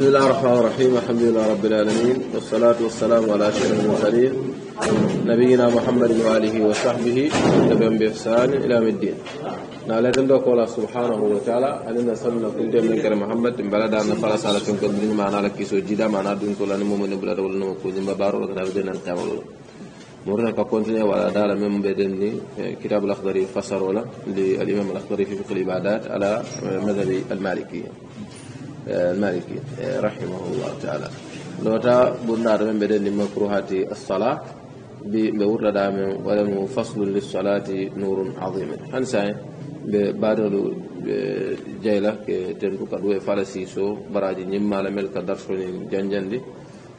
بسم الله الرحمن الرحيم الحمد لله رب العالمين والصلاة والسلام على أشرف المرسلين نبينا محمد وآله وصحبه ومن بإحسان إلى يوم الدين نعلم دوك الله سبحانه وتعالى أننا سنة كنت من كرم محمد إن بلد أن فلا سالة كنت بدين معنا لك كيسو جدا معنا دون كل نمو من بلد ولن مكوز ببارو لك نبدين أن تعملوا مرنا كونتنا وعلى دار من بدني كتاب الأخضري فسر ولا للإمام الأخضري في فقه العبادات على مذهب المالكية المالكي رحمه الله تعالى لوتا بندار من بدن مكروهات الصلاة بورد دام ولم فصل للصلاة نور عظيم هنسا بادل جيلة تنكو كدوه فالسيسو براجي نمال ملك درسوني دي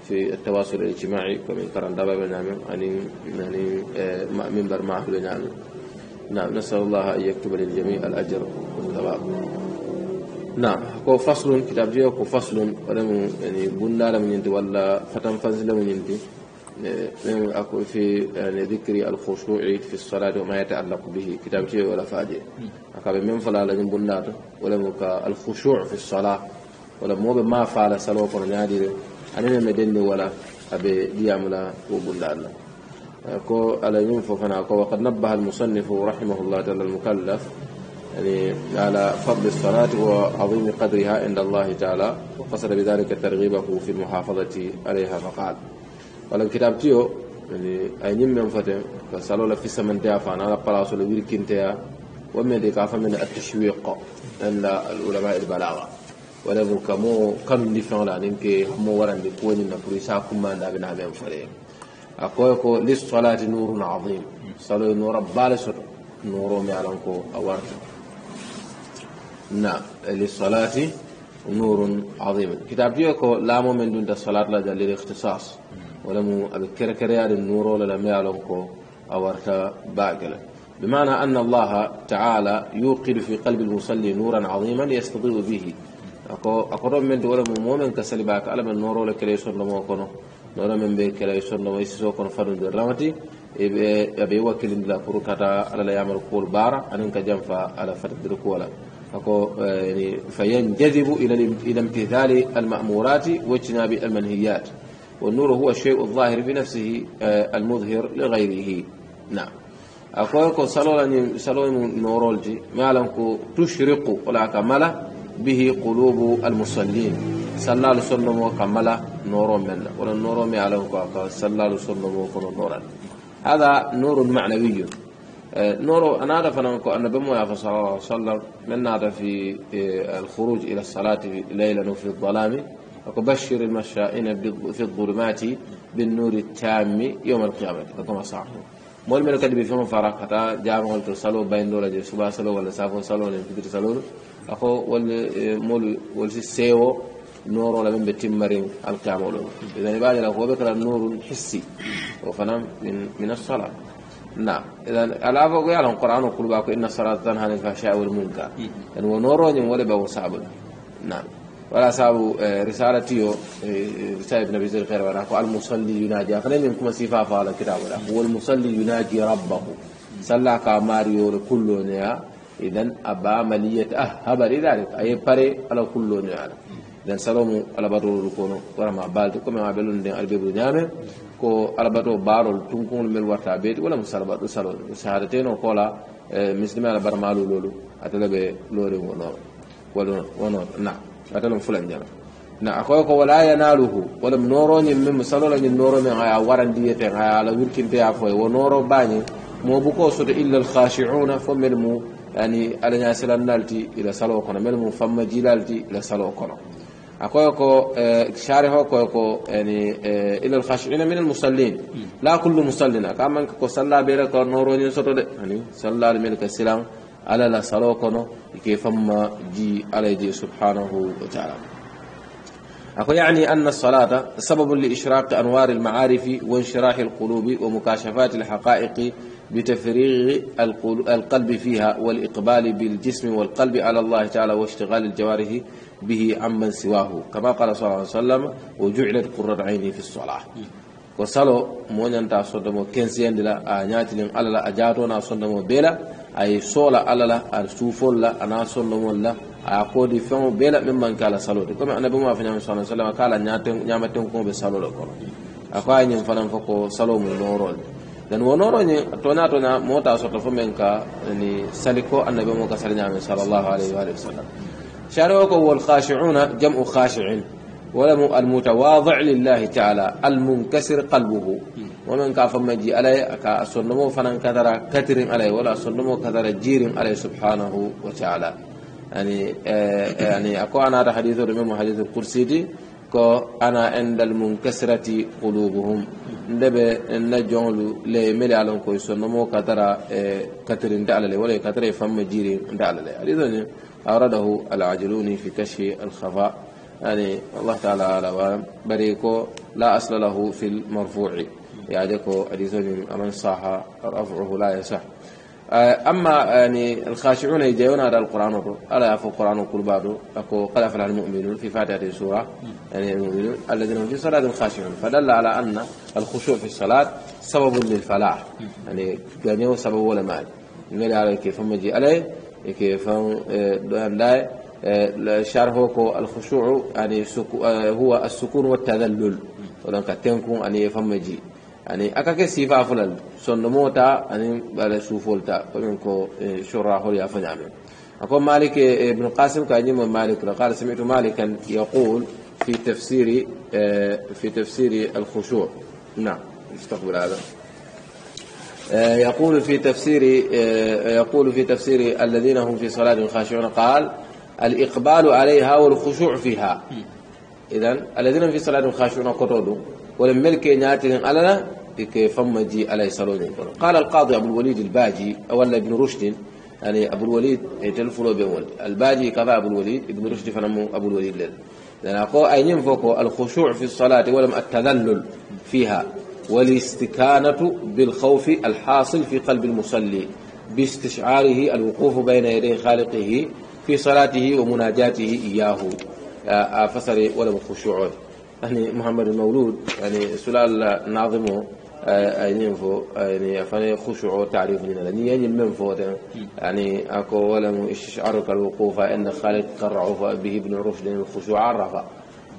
في التواصل الاجتماعي كمن كرن دابا بنعمل يعني يعني آه، منبر معه بنعمل نعم نسأل الله أن يكتب للجميع الأجر والثواب نعم هو فصل كتاب جيو كو فصل ولم يعني بندا لم انت ولا فتن فصل لم انت أكو في يعني ذكر الخشوع في الصلاة وما يتعلق به كتاب جيو ولا فاجي أكاب من فلا لجن بندا ولم الخشوع في الصلاة ولا مو ما فعل سلوه نادر أنا مدني ولا أبي دياملا وبندا الله كو على ينفو فنا كو وقد نبه المصنف رحمه الله تعالى المكلف يعني على فضل الصلاة وعظيم قدرها عند الله تعالى وقصد بذلك ترغيبه في المحافظة عليها فقال ولم كتاب تيو يعني أي نم من فتن فسألوا في سمن دافعنا على قلاص لويل كنتيا ومن ذلك من التشويق عند العلماء البلاغة ولكن كمو كم ديفون لا نينك مو وران دي كوني نبري ساكم ما نابنا من فريم أقولكو للصلاة نور عظيم صلوا نور بالسر نور مي علانكو أورتكو نعم للصلاة نور عظيم كتاب ديوكو لا مؤمن دون الصلاة لا جل الاختصاص ولم أذكر كريال النور ولا لم يعلمكو أورت باقلا بمعنى أن الله تعالى يوقد في قلب المصلي نورا عظيما يستضيء به أقول من دولة مؤمن باك ألم النور ولا كريسون أكونه نورا من بي كريسون لما يسيسوكون فرن درلامتي أبي وكيل الله فروكاتا على لا يعمل كول بارا أنك جنفا على فرد الكولا آه، يعني فينجذب إلى إلى امتثال المأمورات واجتناب المنهيات والنور هو الشيء الظاهر بنفسه آه، المظهر لغيره نعم أقول لكم صلوا سلولا صلوا نورولجي ما لنكو تشرق ولا كمل به قلوب المصلين صلى الله عليه وسلم وكمل نور من ولا نور ما عليه صلى الله عليه وسلم وكن نورا هذا نور معنوي آه، نورو أنا أعرف أنا أن بمو صلى الله عليه وسلم من هذا في آه، الخروج إلى الصلاة ليلا وفي الظلام وبشر المشائين في الظلمات بالنور التام يوم القيامة كما صار مول من كدب فيهم فرق حتى جامع الكرسلو بين دولا جي سبا سلو ولا سافو سلو ولا كدر سلو أخو وال آه، مول والسيو نور ولا من بتمرين القيامة إذا بعد الأخوة بكرة نور حسي وفنام من من الصلاة نعم اذا الا بقول لهم قران وقل باكو ان الصلاه تنهى عن الفحشاء والمنكر ان ونورون ولا بو صعب نعم ولا صعب آه، رسالتي آه، رساله ابن ابي زر خير ولا المصلي ينادي خلينا منكم سيفا فعل الكتاب ولا هو المصلي ينادي ربه صلى كماريو كلنا اذا ابا مليه اهبر ذلك اي بري على كلنا den salomu alabatorolu kono warama balti comme ma ɓelon nden albebru ñaame ko alabato baarol tunkuŋol mel warta beeti walla mo salabato salo sahadateno kola misilime alabata maalu lolu atele be lore wono wala wono na atelen fulan jana na akoye ko wala yanaluhu wala mi noroñin min mi salolañin noro men aya warandiyeten aya ala wirkinteya koye wo noro bañi mo ko soto illa alkhashiuna fo mel mu yani alaña silannalti ila salo kono mel mu famma jilalti ila salo kono أكويكو آه، شارحه كويكو يعني آه، إلى الخاشعين من المصلين لا كل مصلين كما كو صلى بيرك نورو ني يعني صلى الملك السلام على لا صلو كيف ما جي على جي سبحانه وتعالى أكو يعني أن الصلاة سبب لإشراق أنوار المعارف وانشراح القلوب ومكاشفات الحقائق بتفريغ القلب فيها والإقبال بالجسم والقلب على الله تعالى واشتغال الجوارح به عمن سواه كما قال صلى الله عليه وسلم وجعلت قرة عيني في الصلاة ko salo mo ñanta sondemo kensiyandi la a ñaatinin ala la a jaatona sondemo bee la aye soola ala la a suufol la ana sondomol la aya koodi feŋo bee la meŋ manke a la salode comme annabi ma fa ñaami sa sallam ka a la ñamatenkuŋo be salo le kono a ko aye ñiŋ fanaŋ fo ko salo mu noorol le dan wo nooro ñiŋ toña toña moo ta soto fo meŋ ka ni saliko annabi mo ka sali ñaami salallahu alayhi wa sallam شاروك والخاشعون جمع خاشع ولم المتواضع لله تعالى المنكسر قلبه ومن كاف مجي علي كا سنمو فنان كثر كثر علي ولا سنمو كثر جير علي سبحانه وتعالى يعني آه يعني اكو انا حديث الامام حديث القرسي كو انا عند المنكسره قلوبهم ndebe na jonglu le mele alon ko so no mo katara e katari nda alale wala katara famma jiri nda alale alidoni awradahu al-ajluni fi kashfi al-khafa يعني الله تعالى على بريكو لا أصل له في المرفوع يعني كو أديزون أمن صح rafuhu la yasah آه، أما آه، يعني الخاشعون يجيون على القرآن رو ألا يفو القرآن كل بعضه أكو قد أفلح المؤمنون في فاتحة السورة يعني المؤمنون الذين هم في صلاة خاشعون فدل على أن الخشوع في الصلاة سبب للفلاح يعني كان هو سبب ولا مال من على كيف هم يجي عليه كيف آه، لا الشرح هو الخشوع يعني هو السكون والتذلل قد تنكم أن يفهم يجي يعني أكاك سيفا فلال سنموتا يعني بل سوفولتا فمنكو شراحو يا فنعمل أقول مالك إيه، ابن قاسم كان مالك قال سمعت مالكا يقول في تفسير إيه، في تفسير الخشوع نعم استقبل هذا إيه، يقول في تفسير يقول في تفسير الذين هم في صلاة خاشعون قال الإقبال عليها والخشوع فيها إذا الذين في صلاة خاشعون قطعوا ولم ملك ناتن علنا إكي فما جي على يسالون قال القاضي أبو الوليد الباجي أولا ابن رشد يعني أبو الوليد تلفلو بيول الباجي كفى أبو الوليد ابن رشد فنمو أبو الوليد لل لأن أقول أين فوق الخشوع في الصلاة ولم التذلل فيها والاستكانة بالخوف الحاصل في قلب المصلي باستشعاره الوقوف بين يدي خالقه في صلاته ومناجاته إياه آه، آه، فسر ولم الخشوع يعني محمد المولود يعني سلال ناظمه آه، اي نينفو يعني فني خشوع تعريف لنا لأن يعني المنفو يعني, يعني أكو ولم استشعرك الوقوف إن خالد الرعوف به ابن رشد الخشوع عرف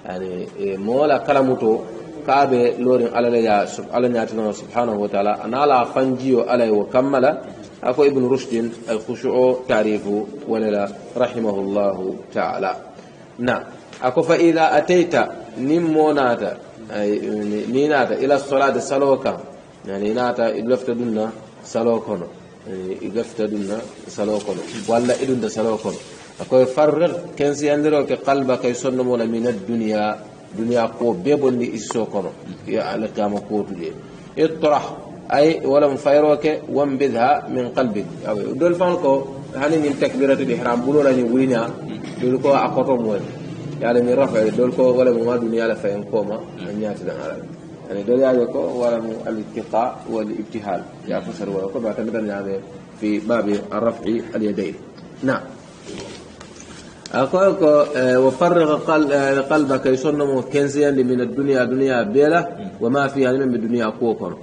يعني مولا كلمته كابي لورين على يا على نياتنا سبحانه وتعالى أنا لا فنجيو علي وكمل أكو ابن رشد الخشوع تعريفه ولا رحمه الله تعالى نعم أكوفا إلى أتيت نموناتا نيناتا إلى الصلاة سلوكا يعني ناتا إدلفت دنا سلوكنا إدلفت دنا سلوكنا ولا إدن سلوكنا أكوي فرر كنز يندرو كقلبك يسون مولا من الدنيا دنيا قو بيبون لي إسوكنا يا على كام قوت لي اطرح أي ولا مفيروك وانبذها من قلبك دول فانكو هاني من تكبيرة الإحرام بلو راني وينا دول كو أقوتهم وينا يعني من رفع dol كو wala mu لفين كوما la fayen kooma a يعني دول يعني كو ولا الاتقاء والابتهال يا نعم. فسر وكما مثلا يعني في باب الرفع اليدين نعم أقول آه، وفرغ آه، قلبك يصنم كنزيا من الدنيا دنيا بيلا نعم. وما فيها من الدنيا قوكم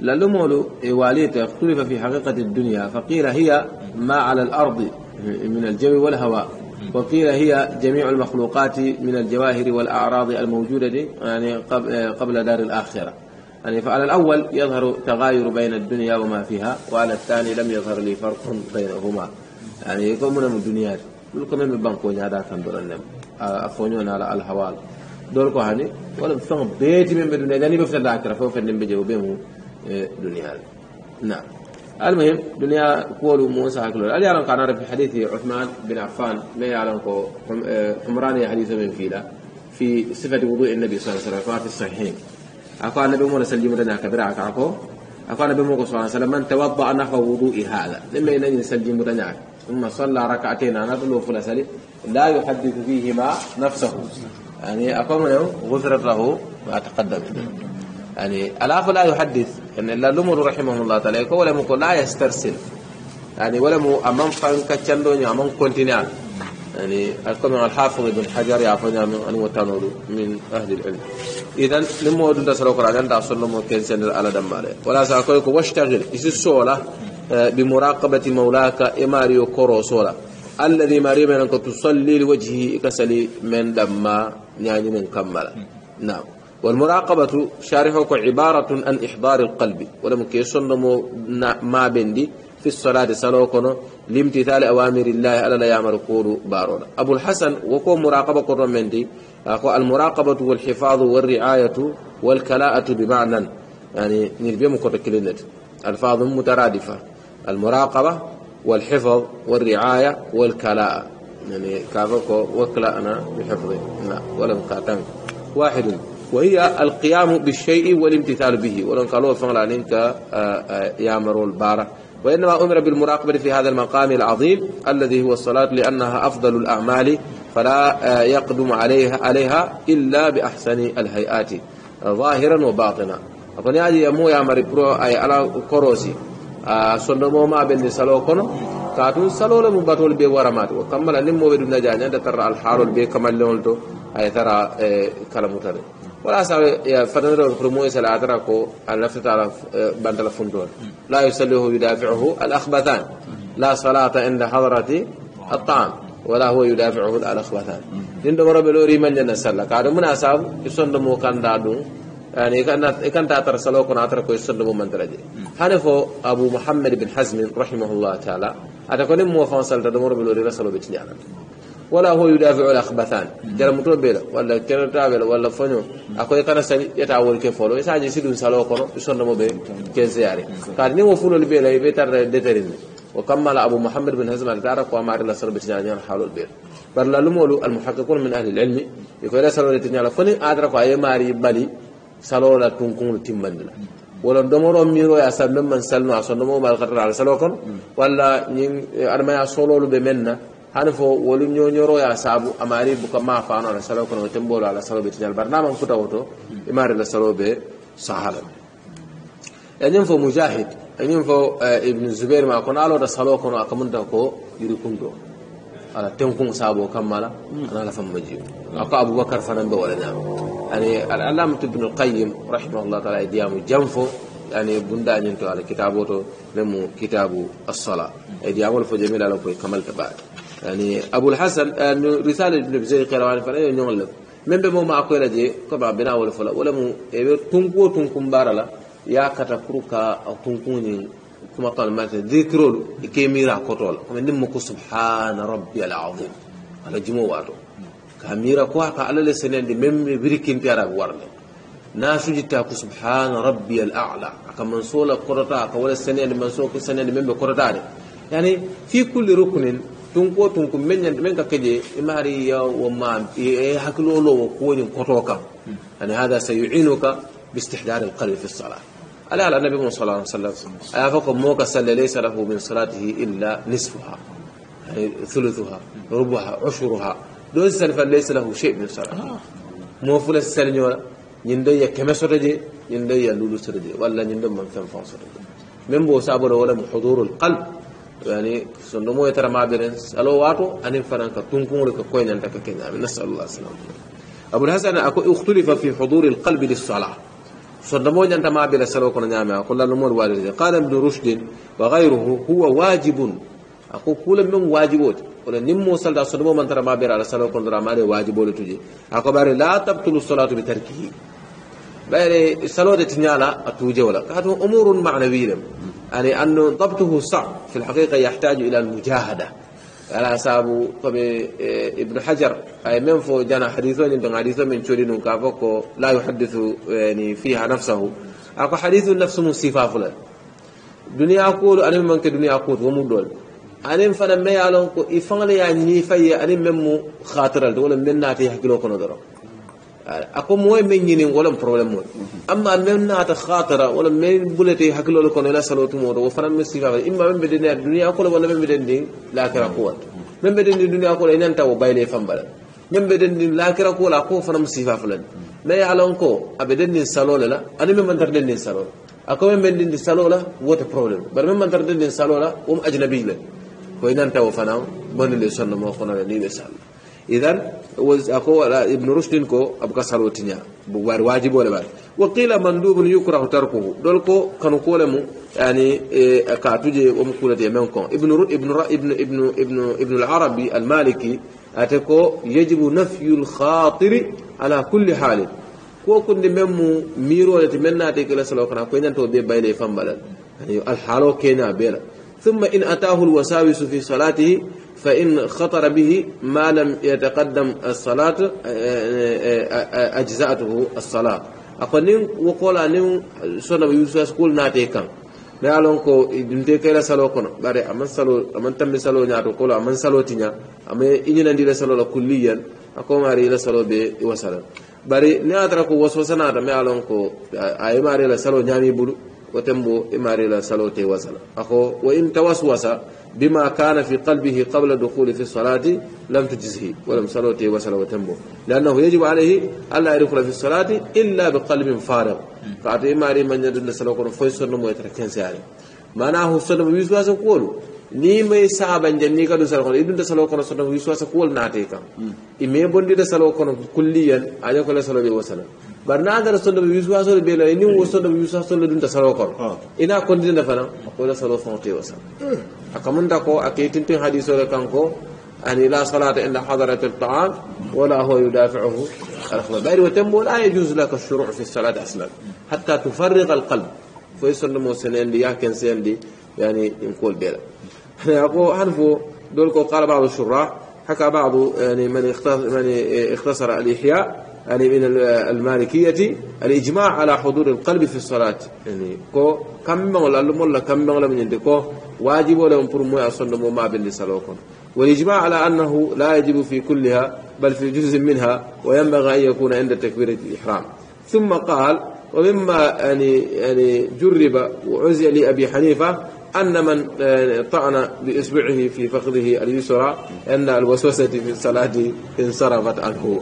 للمول إيه، واليت اختلف في حقيقة الدنيا فقيل هي ما على الأرض من الجو والهواء وقيل هي جميع المخلوقات من الجواهر والأعراض الموجودة دي يعني آه، قبل دار الآخرة يعني فعلى الأول يظهر تغاير بين الدنيا وما فيها وعلى الثاني لم يظهر لي فرق بينهما يعني يكون من الدنيا يقولون من بانكون هذا دور النم آه، أخونيون على الهوال دور كهاني ولا بفهم بيتي من الدنيا يعني بفتح ذاكرة النم بيجي وبيمو آه، دنيا نعم المهم دنيا قول موسى كلو هل يعلم كان في حديث عثمان بن عفان لا يعلم عمران آه، حديث من فيلا في صفة وضوء النبي صلى الله عليه وسلم في الصحيحين أقول النبي موسى سلم لنا كبرا كعكو أقول النبي مولا صلى الله عليه وسلم من توضأ نحو وضوء هذا لما ينني سلم لنا ثم صلى ركعتين أنا بلو فلسلي لا يحدث فيهما نفسه يعني أقوم له غفرت له ما تقدم يعني الأخ لا يحدث ان لا لمر رحمه الله تعالى ولا mu لا يسترسل يعني ولا wala mu amam fanka cando ni amam يعني اكون الحافظ ابن حجر يعفون من ان وتنور من اهل العلم اذا لما ودن تسلو قران عند اصلهم كان سن على دماله ولا ساكوك واشتغل ايش السوله بمراقبه مولاك اماريو كورو سولا الذي ماري من انك تصلي لوجهه كسلي من دما يعني من كمل نعم والمراقبة شارحك عبارة عن إحضار القلب ولم يكن ما بندي في الصلاة سلوكنا لامتثال أوامر الله ألا لا يعمل قول بارونا أبو الحسن وكو مراقبة قرن مندي المراقبة والحفاظ والرعاية والكلاءة بمعنى يعني نربي مكتكلنت ألفاظ مترادفة المراقبة والحفظ والرعاية والكلاءة يعني كافوكو وكلاءنا بحفظه لا ولم كاتنك واحد وهي القيام بالشيء والامتثال به ولن قالوا فعلا انك آه، آه، يامر البارة وإنما أمر بالمراقبة في هذا المقام العظيم الذي هو الصلاة لأنها أفضل الأعمال فلا آه، يقدم عليها عليها إلا بأحسن الهيئات ظاهرا وباطنا أقول يا مو يا برو أي على كروسي سندمو ما بين سلو كاتون سلو لم بي ورمات وكمل نمو بدون جانيا ترى الحار بي كمل لونتو أي ترى كلمتنا ولا سال فنرى الكرمويس الأدرك اللفت على بند الفندول لا يسله يدافعه الأخبثان لا صلاة عند حضرة الطعام ولا هو يدافعه الأخبثان لأن رب لوري من جنة سألة قال من أصاب يسند مو كان دادو يعني كان تأتر تأثر سلوك ونأثر كويس مو من درجة هنفو أبو محمد بن حزم رحمه الله تعالى أتكلم مو سألة تدمر بلوري رسلو بتنيانا ولا هو يدافع الاخبثان جرى متو بلا ولا كان تابل ولا فنو اكو يكنا سني يتعول كيف فلو إذا يساجي سيدون سالو كنا يسون مو بي كيزياري كارني ني وفولو البيلا يبتر ديترين وكمل ابو محمد بن هزم الدارق وامر الى سرب تجاني حول البيت برلا لمولو المحققون من اهل العلم يقول سالو تجاني فني ادركو اي ماري بالي سالو لا تنكون تيمبندلا ولا domoro miro يا سلم من سلم aso ما mal على salo ولا wala yin armaya sololu be hani fo wolu ñoñoroya saabu amari buka ma faano ala salo kono tembolo ala salo be tiñal bari naman futa woto imari la salo be sahala eñin fo mujahid eñin fo ibnu zubair ma kono alota salo kono aka munta ko yiri kundo ala tenkun saabo kammala ana ala famma jiw ako aboubacar fanan be wala ñama ani al allamatu ibnu alqayim rahimahullah taala e diyamu jam fo يعني بندا نينتو على كتابه ميمو كتاب الصلاه اي ديامول فجميل على كمال تبارك يعني أبو الحسن رسالة ابن بزيد قيروان فلا ينغلب من بمو ما أقول لدي طبعا بنا ولا فلا ولا مو إيه، تنكو تنكم بارلا يا كتكروكا أو تنكوني كما قال مات ذكرول كيميرا كوتول كما مكو سبحان ربي العظيم على جمواتو كاميرا كوا على لسنين دي مم بريكين تيارا ورلا ناسو جتا سبحان ربي الأعلى كمن سولا كورتا كولا سنين دي منسوك سنين دي مم كورتا يعني في كل ركن tunko tunko men men ka keje imari e ya wa ma e hakilo lo ko ni koto kam yani hada sayu'inuka باستحضار القلب في الصلاة ألا على النبي صلى الله عليه وسلم أفق موك صلى ليس له من صلاته إلا نصفها يعني ثلثها ربعها عشرها دون سنة فليس له شيء من صلاة موفل السنة ولا يندي كما سرجي يندي لولو سرجي ولا يندي من فان سرجي من بو سابر ولا حضور القلب يعني سنمو يترى ما بيرنس ألو واتو أنين فرانكا تنكون لك كوين أنت ككين نسأل الله السلام أبو الحسن أكو اختلف في حضور القلب للصلاة سنمو أنت ما بلا سلوك نعمة أقول الأمور الوالد قال ابن رشد وغيره هو واجب أقول كل من واجبات ولا نمو صلى سنمو من ترى ما بلا على سلوك ما واجب ولا تجي أقول باري لا تبطل الصلاة بتركه باري صلاة تنيالا أتوجه ولا هذا أمور معنوية يعني أنه ضبطه صعب في الحقيقة يحتاج إلى المجاهدة على سابو ابن حجر أي من فو جانا حديثون يمتن حديثون من شورين كافوكو لا يحدث يعني فيها نفسه أكو حديث النفس مصفة فلان دنيا أقول أنا من كدنيا أقول ومدول دول أنا me ye a lon ko i faŋ le ye a ɲini fay ye aniŋ meŋ ako moy men ñinin wala problème mo amma men na ta khatara wala men bulete hakilo ko la salotu mo do fanan me sifa imma men be dina dunya ko wala men be den la kira ko wat men be den dunya ko ina ta wo bayle fambala men be den la kira ko la ko fanan sifa fulan me ya lon ko abe den salo la ani men man tar den salo ako men ben din salo la wote problème bar men man tar den salo la um ajnabi la ko ina ta wo fanan bon le sonno mo ko na ni be salo إذا أكو ابن رشد كو أبقى سلوتنيا بوار واجب ولا بعد وقيل مندوب يكره تركه دولكو كانوا كولمو يعني إيه كاتوجي ومكولة يمنكم ابن رد ابن رأ ابن ابن ابن ابن العربي المالكي أتكو يجب نفي الخاطر على كل حال كو كنت men ميرو miirole te men naate kela salaw kana koye nanto be bayle الحالو كينا kena ثم إن أتاه الوساوس في صلاته فإن خطر به ما لم يتقدم الصلاة أجزاته الصلاة أقول نين وقول نين سنة يوسف سكول ناتي كان ne ye a lon ko dunte kela salo kono bari aman salo aman tambi salo ñaato kolo aman salo tiña ama i ñinandi ila salo la kulliyan a komaari ila salo be i wasala bari ne a tara ko waswasanaata me ye a lon ko a yemaari ila salo ñaami bulu وتمو إمارة سلوته وصل أخو وإن توسوس بما كان في قلبه قبل الدخول في الصلاة لم تجزه ولم سلوته وصل وتمو لأنه يجب عليه ألا يدخل في الصلاة إلا بقلب فارغ فأتو إمارة من يدل سلوك فيصل النمو يتركين سياري معناه صلاة ويسواس قولوا ni may saban jan ni kadu salo kono idun da salo kono sodo wi so sa kuwol naate kam ime bondi da salo kono برنا در صلى الله يوسف صلى بلا إني وصل يوسف صلى دون تسرو كر إنا كنت دنا فنا أقول صلى فانتي وصل أكمن دكو أكيتين تين حديث ولا كانكو أن لا صلاة إلا حضرة الطعام ولا هو يدافعه الخلاف بير وتم لا يجوز لك الشروع في الصلاة أصلا حتى تفرغ القلب فيصل موسنين لي يمكن سين لي يعني نقول بلا أقول أعرفوا دول قال بعض الشراح حكى بعض يعني من اختصر من اختصر الإحياء يعني من المالكية الإجماع على حضور القلب في الصلاة يعني كو كم من ولا لم ولا كم من ولا من يدك واجب ولا ينفر ما أصلا ما بين لسلوكم والإجماع على أنه لا يجب في كلها بل في جزء منها وينبغي أن يكون عند تكبيرة الإحرام ثم قال ومما يعني يعني جرب وعزي لأبي حنيفة أن من يعني طعن بإصبعه في فخذه اليسرى أن الوسوسة في الصلاة انصرفت عنه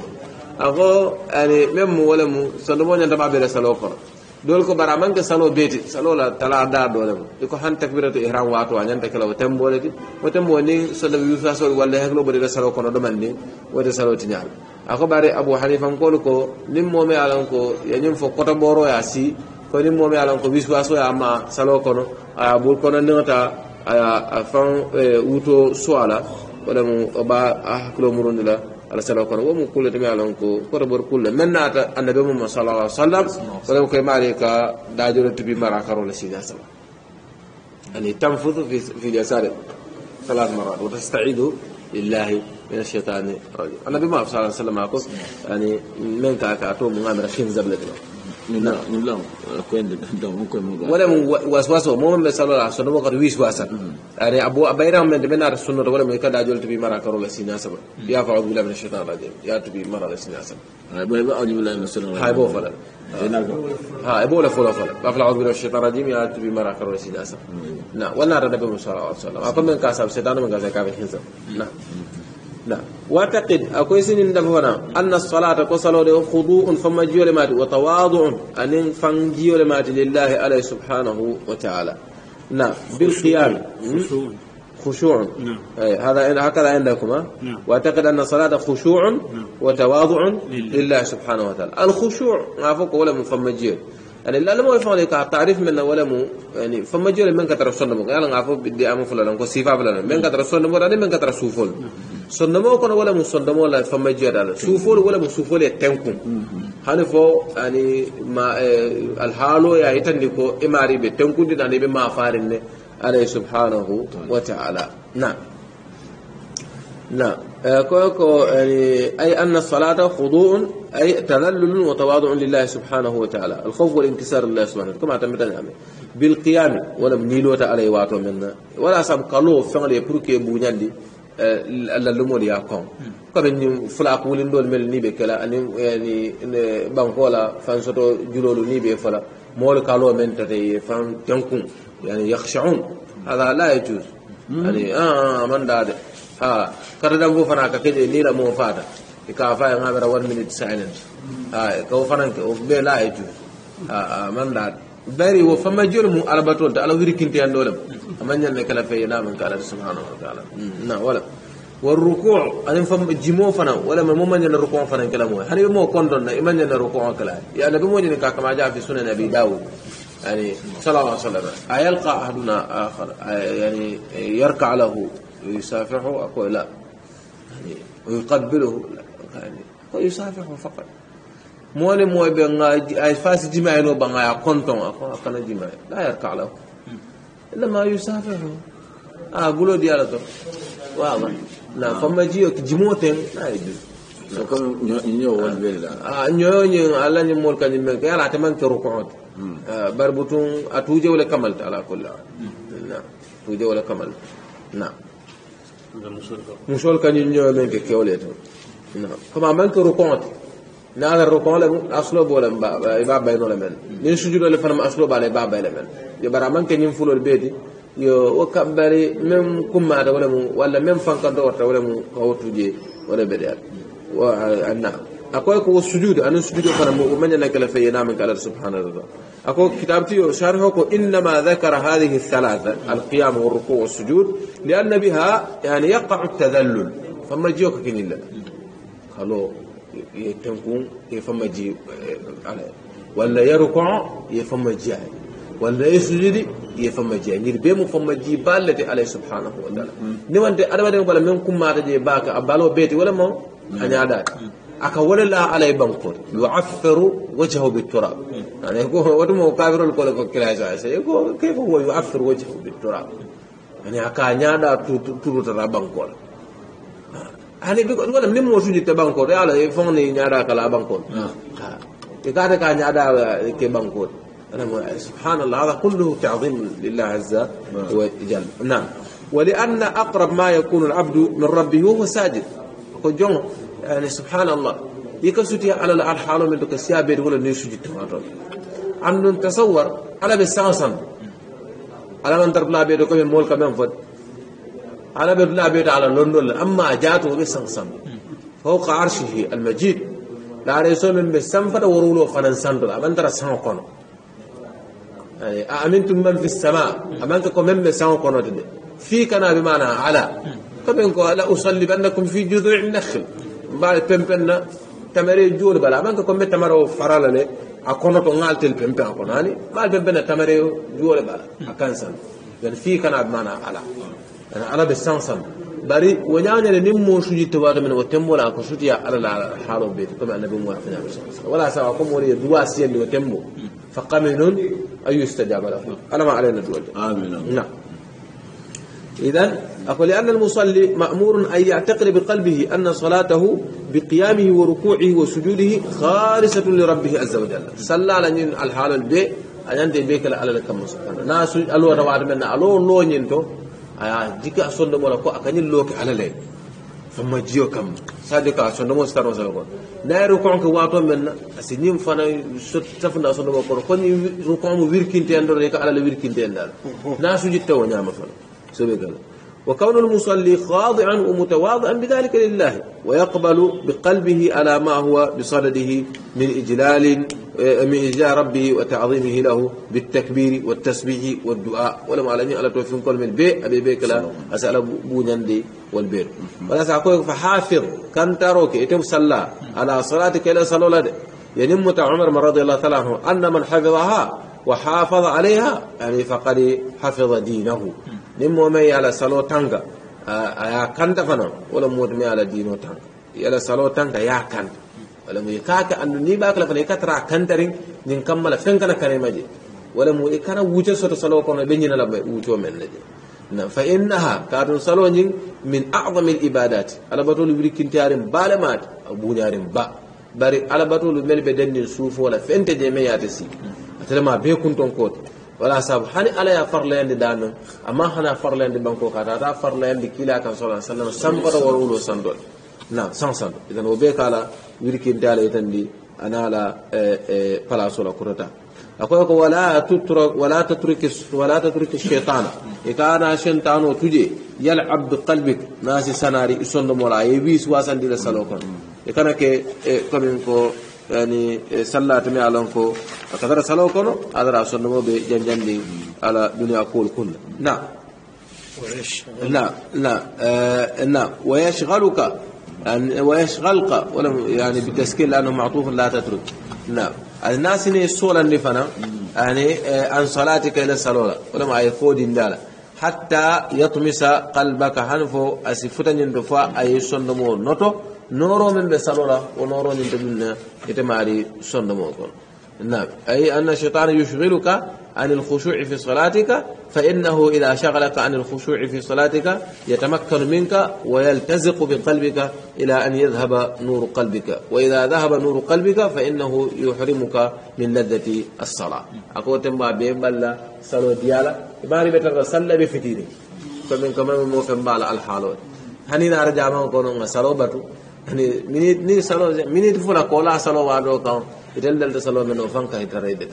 ako ani même mu wole mu sondomo ñantaɓa ɓere salo koro dool ko bara amanke salo beeti salo la tala da doole mu iko han takbiratu ihram waato a ñanta kela o temboole ti o tembo ni sondeɓe yusasoɓe walla heglo ɓo ɗeɓe salo kono ɗoman ni wode salo tiñal ako bari abou hanifa n kolu ko nin moome alan ko yañin fo koto ɓoroya si ko nin moome alan ko wisuwasoya ma salo kono aya bul kono ndiŋata aya fan e, wuto soa la wala mu o ɓa hakkilo murundi la ala sala kono wo mu kulle to mi alon ko koto bor kulle men naata annabi mum sala sallam kono koye maari ka daajoro tubi mara karo la sida sama ani tanfudu fi fi yasari ثلاث مرات وتستعيذ لله من الشيطان الرجيم النبي ما صلى الله عليه وسلم يعني من كاكاتو من غامر خين زبلتنا wala mu waswaso mo men be salola sono bo kadi wiswasa ani abo abayra men de benar sunno wala mo kada jol tubi mara karo la sina saba ya fa'ud billahi minash shaitanir rajim ya tubi mara la sina saba ay bo ba a'udhu billahi minash shaitanir rajim hay bo fala ha ebo la fola fola ba fala a'udhu billahi minash shaitanir rajim ya tubi mara karo la sina saba na wala rada be musalla sallallahu alaihi wasallam akon men ka sab setan men ka ka be hinsa na لا واعتقد أكوي سنين دفنا أن الصلاة كصلاة خضوع فمجيو لمات وتواضع أن فنجيو لمات لله عليه سبحانه وتعالى نعم بالقيام خشوع نعم. أي هذا هكذا عندكم نعم. واعتقد ان الصلاه خشوع نعم. وتواضع لله. لله سبحانه وتعالى الخشوع ما فوق ولا من فمجيل يعني لا لما يفهم لك تعريف من ولا مو يعني فمجيل من كثر الصلاه يلا يعني عفوا بدي ام فلان كو سيفا فلان من نعم. كثر الصلاه يعني من كثر الصوفون نعم. sondamo kono wala mu sondamo la fama jiyadala suufolu wala mu suufolu ye tenkum hani fo ani ma alhaalo ya yitandi ko imari be tenkundinani ibe mafarin ne alay subhanahu wa taala na na koyo ko yani ay anna salata khudu'un ay tadallulun wa tawadu'un lillahi subhanahu wa taala alkhawf wal inkisar lillahi subhanahu wa taala kama tamita ñame bilqiyami wala niilota alay waato men na wala sam kaloo feŋle pour que buñandi alla lumol ya kon comme ni fula kulin dol mel ni be kala ani yani bankola fan soto julolu ni be fala mol kalo men tata fan tankun yani yakhsha'un hada la yajuz yani ah man da de ha kada dan bo fana ka kede ni la mo fata ka fa en habara 1 minute silence ha ko fana ko be la yajuz ha man da bari wo fama jol mu alabatol ta ala wirikinte yando lam amanyan ne kala fe yana man kala subhanahu wa ta'ala mm. na wala والركوع أنا فم جيمو فنا ولا ما مم ينا ركوع فنا كلامه هني مو كندن إيمان ينا ركوع كلا يعني بمو ينا كما جاء في سنن أبي داود يعني صلى الله عليه وسلم أيلقى أحدنا آخر يعني يركع له يسافحه أقول لا يعني ويقبله لا يعني ويسافحه فقط moole mooy ɓe ay fasi jimayno baŋaya konton a a kana jimay la yarka lahu innama yusafihu a bulodi ala to wawa na famma jiyo jimo ten na ye dun ñoyoñin alla ñin mool kañum men yala ate man ke rukuote bari butun a tuje wala kamalte ala kulla na tuje wala kamalte na musol kañum ñoyo men ke kewle to na comme a man ke rukuote ان يكون هناك اشخاص يجب ان يكون هناك اشخاص يجب ان يكون هناك اشخاص يجب ان يكون أكو أكو سجود أنا سجود فأنا مؤمن أنك لا في نام على سبحان الله أكو كتابتي شرحه إنما ذكر هذه الثلاثة القيام والركوع والسجود لأن بها يعني يقع التذلل فما جوك كنيلا خلو يتنكون يفهم جي على ولا يركع يفهم جي ولا يسجد يفهم جي نير بيمو فهم جي بالتي عليه سبحانه وتعالى ني وانت ادم ادم ولا من كما تجي باك ابالو بيتي ولا ما اني ادات aka wala la alay bankol yu'affiru wajhahu bit-turab yani ko wadumo kafiru ko ko kilaja sai ko kayfa huwa yu'affiru wajhahu bit-turab yani aka nyada tutu tutu tara bankol hani wala nim mo suñu ah. te banko ah. de ala fon ni ñaara kala banko ha ka ka ñaada ke banko ana subhanallah hada kulluhu ta'zim lillah azza wa jal na'am ولأن أقرب ما يكون العبد من ربه هو ساجد كجون يعني سبحان الله يكسوتي على الحال من دك سيابير ولا نيسو جت ماتو عم نتصور على بسانسان على من تربلا بيدو كم مول كم فد أنا بدنا بيت على لندن أما جاته بسنسن فوق عرشه المجيد لا رسول من بسنفر ورولو فننسندر أمن ترى سنقنو يعني أمنتم من في السماء أمنتكم من بسنقنو تدي في كنا بمعنى على إنكو لا أصلي بأنكم في جذوع النخل بعد بمبنا تمري جول بلا أمنتكم من تمرو فرالني أكونو تنغالتل بمبنا أكوناني يعني بعد بمبنا تمري جول بلا أكان أكنسن يعني في كنا بمعنى على أنا على بسانسل باري ونعنى لمن موشوجي تواغي من وتمو لا كشوتي على الحارو بيت طبعا النبي مو عارفين نعم. على ولا سواكم ولي دوا سيان لوتمو فقمن أن يستجاب له أنا ما علينا دول آمين نعم إذن أقول لأن المصلي مأمور أن يعتقر بقلبه أن صلاته بقيامه وركوعه وسجوده خالصة لربه عز وجل صلى على الحال البيت أن ينتهي بيك على لك ناس ألو روا من ألو نو ينتو aya jika sondomo la ko akañin looke ala le fama jiyo kam sadi ka sondomo sitaro sala ko nayi rukon ke waato men na asi ñim fana safunda sondomo kono koñi rukon mo wirkinte en ɗo ka ala le wirkinte en dal na sujit tewo ñama fana soɓe gala وكون المصلي خاضعا ومتواضعا بذلك لله ويقبل بقلبه على ما هو بصدده من إجلال آه، من إجلال ربه وتعظيمه له بالتكبير والتسبيح والدعاء ولم أعلمين على توفين كل من البيع أبي بيك لا أسأل بونيان دي والبير ولا سأقول فحافظ كان تروك يتم صلى على صلاتك إلى صلاة ينم يعني عمر رضي الله تعالى عنه أن من حفظها وحافظ عليها يعني فقد حفظ دينه nin momen ye ala salo tanga a ya kanta fana wala mu mai ala dino tanga yala salo tanga ya kanta wala mu ka andu ni ba kala fana ka tara kantarin nin kammala fen kana kare maje wala mu e kana wuce soto salo kono be nyina la be wuto men ne je na fa innaha kadun salo nin min a'zami al ibadat ala batul wirkintarin balamat nyarin ba bari ala batul mel be dennin sufu wala fente je me yata si atama be kunton ko ولا سب هني على يفر لين دانه أما هنا فر لين بانكو كذا دا فر لين بكيلا كان صلى الله عليه وسلم سام برا ورولو سندول نعم سام سندول إذا هو بيك على ويركين دال إذا دي أنا على ااا آه، آه، فلا صلا كرتا أقول لك ولا تترك ولا تترك ولا تترك الشيطان إذا أنا شيطان وتجي يلعب بقلبك ناس سناري يسند مرا يبي سواسن دي للسلوك إذا أنا كي إيه، كمينكو يعني سلا تمي على انكو فكثر سلو كونو ادرا نمو بي جن دي على دنيا كل كل نعم نعم نعم نعم ويشغلك يعني ويشغلك ولم يعني بالتسكين لانه معطوف لا تترك نعم الناس اللي سولا اللي يعني آه، عن صلاتك الى الصلاه ولم اي فود دالا حتى يطمس قلبك هنفو اسفتن يندفع اي سنمو نوتو نورو من بسالولا ونورو من دبنا يتماري سند موكون نعم أي أن الشيطان يشغلك عن الخشوع في صلاتك فإنه إذا شغلك عن الخشوع في صلاتك يتمكن منك ويلتزق بقلبك إلى أن يذهب نور قلبك وإذا ذهب نور قلبك فإنه يحرمك من لذة الصلاة أقول تنبع بيبالا صلو ديالا باري بتر صلى بفتيري فمن كمان موفم بالا الحالوت هني نار جامو كونو صلو بتو ani mini ni salo mini fula ko la salo wa do kan itel del de salo meno fanka itare de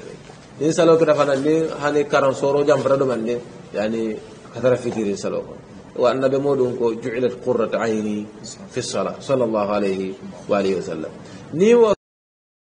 ni salo kita fana ni hani karan soro jam fara do mande yani katara fikiri salo ko wa annabi modun ko ju'ilat qurrat aini fi salat sallallahu alaihi wa alihi wasallam ni wa